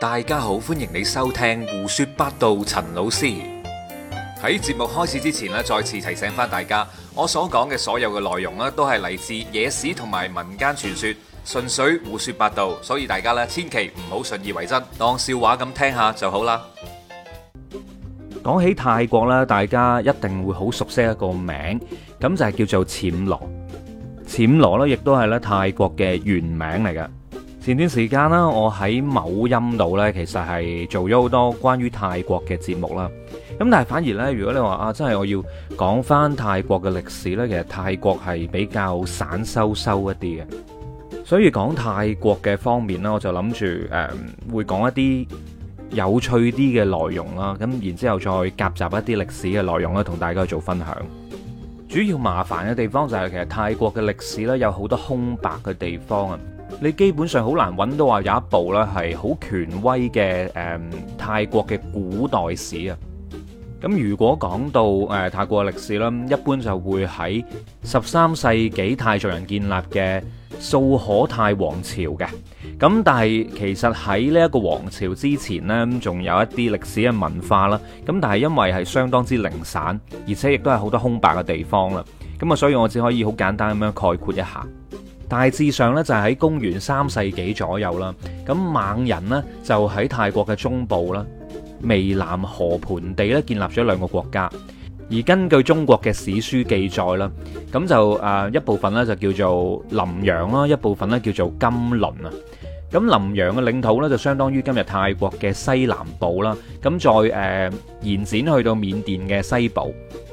大家好，歡迎你收聽胡說八道。陳老師喺節目開始之前咧，再次提醒翻大家，我所講嘅所有嘅內容咧，都係嚟自野史同埋民間傳說，純粹胡說八道，所以大家咧千祈唔好信以為真，當笑話咁聽下就好啦。講起泰國啦，大家一定會好熟悉一個名，咁就係、是、叫做暹羅。暹羅呢亦都係咧泰國嘅原名嚟㗎。前段時間啦，我喺某音度咧，其實係做咗好多關於泰國嘅節目啦。咁但係反而呢，如果你話啊，真係我要講翻泰國嘅歷史呢，其實泰國係比較散收收一啲嘅。所以講泰國嘅方面呢，我就諗住誒會講一啲有趣啲嘅內容啦。咁然之後再夾雜一啲歷史嘅內容啦，同大家去做分享。主要麻煩嘅地方就係，其實泰國嘅歷史呢，有好多空白嘅地方啊。你基本上好難揾到話有一部咧係好權威嘅誒、嗯、泰國嘅古代史啊！咁如果講到誒、呃、泰國歷史咧，一般就會喺十三世紀泰族人建立嘅素可泰王朝嘅。咁但係其實喺呢一個王朝之前呢，仲有一啲歷史嘅文化啦。咁但係因為係相當之零散，而且亦都係好多空白嘅地方啦。咁啊，所以我只可以好簡單咁樣概括一下。大致上咧就係喺公元三世紀左右啦，咁猛人咧就喺泰國嘅中部啦，湄南河盆地咧建立咗兩個國家。而根據中國嘅史書記載啦，咁就誒一部分咧就叫做林陽啦，一部分咧叫做金倫啊。咁林陽嘅領土咧就相當於今日泰國嘅西南部啦，咁再誒延展去到緬甸嘅西部。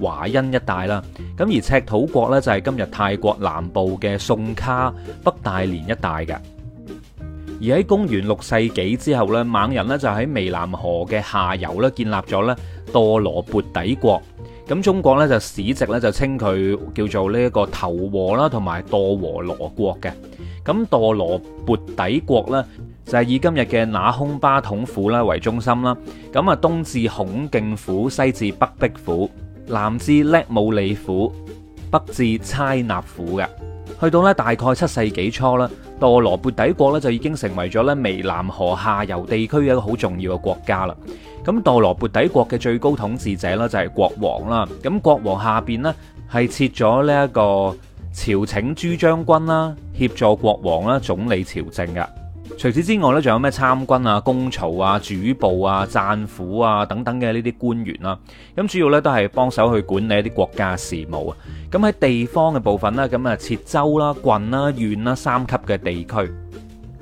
華欣一帶啦，咁而赤土國呢，就係今日泰國南部嘅宋卡北大連一帶嘅。而喺公元六世紀之後呢，猛人呢，就喺湄南河嘅下游呢，建立咗咧墮羅勃底國。咁中國呢，就史籍咧就稱佢叫做呢一個頭和啦，同埋墮和羅國嘅。咁墮羅勃底國呢，就係以今日嘅那空巴統府啦為中心啦。咁啊，東至孔敬府，西至北碧府。南至叻姆里府，北至差納府嘅，去到咧大概七世紀初啦，墮羅拔底國呢，就已經成為咗咧湄南河下游地區嘅一個好重要嘅國家啦。咁墮羅拔底國嘅最高統治者呢，就係國王啦，咁國王下邊呢，係設咗呢一個朝請朱將軍啦，協助國王啦總理朝政嘅。除此之外咧，仲有咩參軍啊、公曹啊、主簿、啊啊、啊、贊府啊等等嘅呢啲官員啦。咁主要咧都係幫手去管理一啲國家事務啊。咁喺地方嘅部分咧，咁啊設州啦、啊、郡啦、啊、縣啦、啊、三級嘅地區。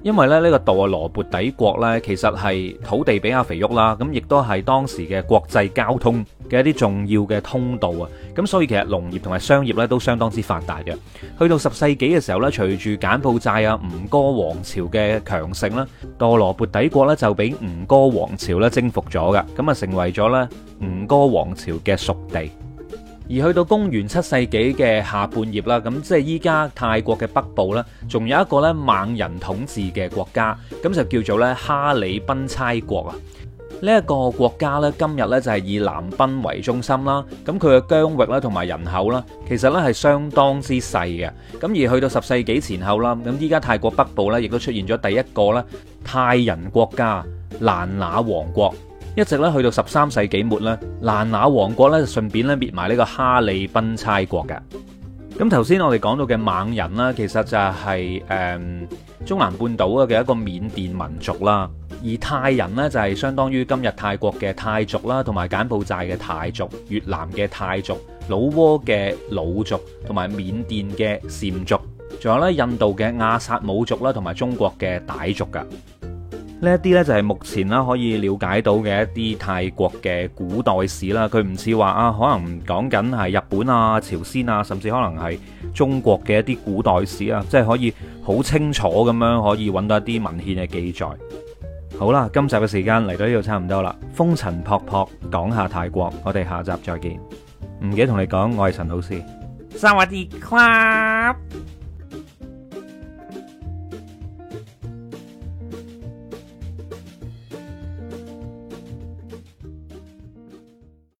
因為咧呢、呢個道啊羅拔底國呢，其實係土地比較肥沃啦，咁亦都係當時嘅國際交通嘅一啲重要嘅通道啊。咁所以其實農業同埋商業咧都相當之發達嘅。去到十世紀嘅時候咧，隨住柬埔寨啊吳哥王朝嘅強盛啦，墮羅缽底國咧就俾吳哥王朝咧征服咗㗎，咁啊成為咗咧吳哥王朝嘅屬地。而去到公元七世紀嘅下半葉啦，咁即係依家泰國嘅北部啦，仲有一個咧孟人統治嘅國家，咁就叫做咧哈里賓差國啊。呢一個國家咧，今日咧就係以南奔為中心啦。咁佢嘅疆域咧同埋人口啦，其實咧係相當之細嘅。咁而去到十世紀前後啦，咁依家泰國北部呢，亦都出現咗第一個咧泰人國家——蘭那王國，一直咧去到十三世紀末咧，蘭那王國咧就順便咧滅埋呢個哈里賓差國㗎。咁頭先我哋講到嘅孟人啦，其實就係誒中南半島嘅一個緬甸民族啦，而泰人呢，就係相當於今日泰國嘅泰族啦，同埋柬埔寨嘅泰族、越南嘅泰族、老撾嘅老族，同埋緬甸嘅撣族，仲有呢印度嘅亞薩姆族啦，同埋中國嘅傣族㗎。呢一啲呢，就係目前啦，可以了解到嘅一啲泰國嘅古代史啦，佢唔似話啊，可能講緊係日本啊、朝鮮啊，甚至可能係中國嘅一啲古代史啊，即係可以好清楚咁樣可以揾到一啲文獻嘅記載。好啦，今集嘅時間嚟到呢度差唔多啦，風塵仆仆，講下泰國，我哋下集再見。唔記得同你講，我係陳老師。Sawadee ka。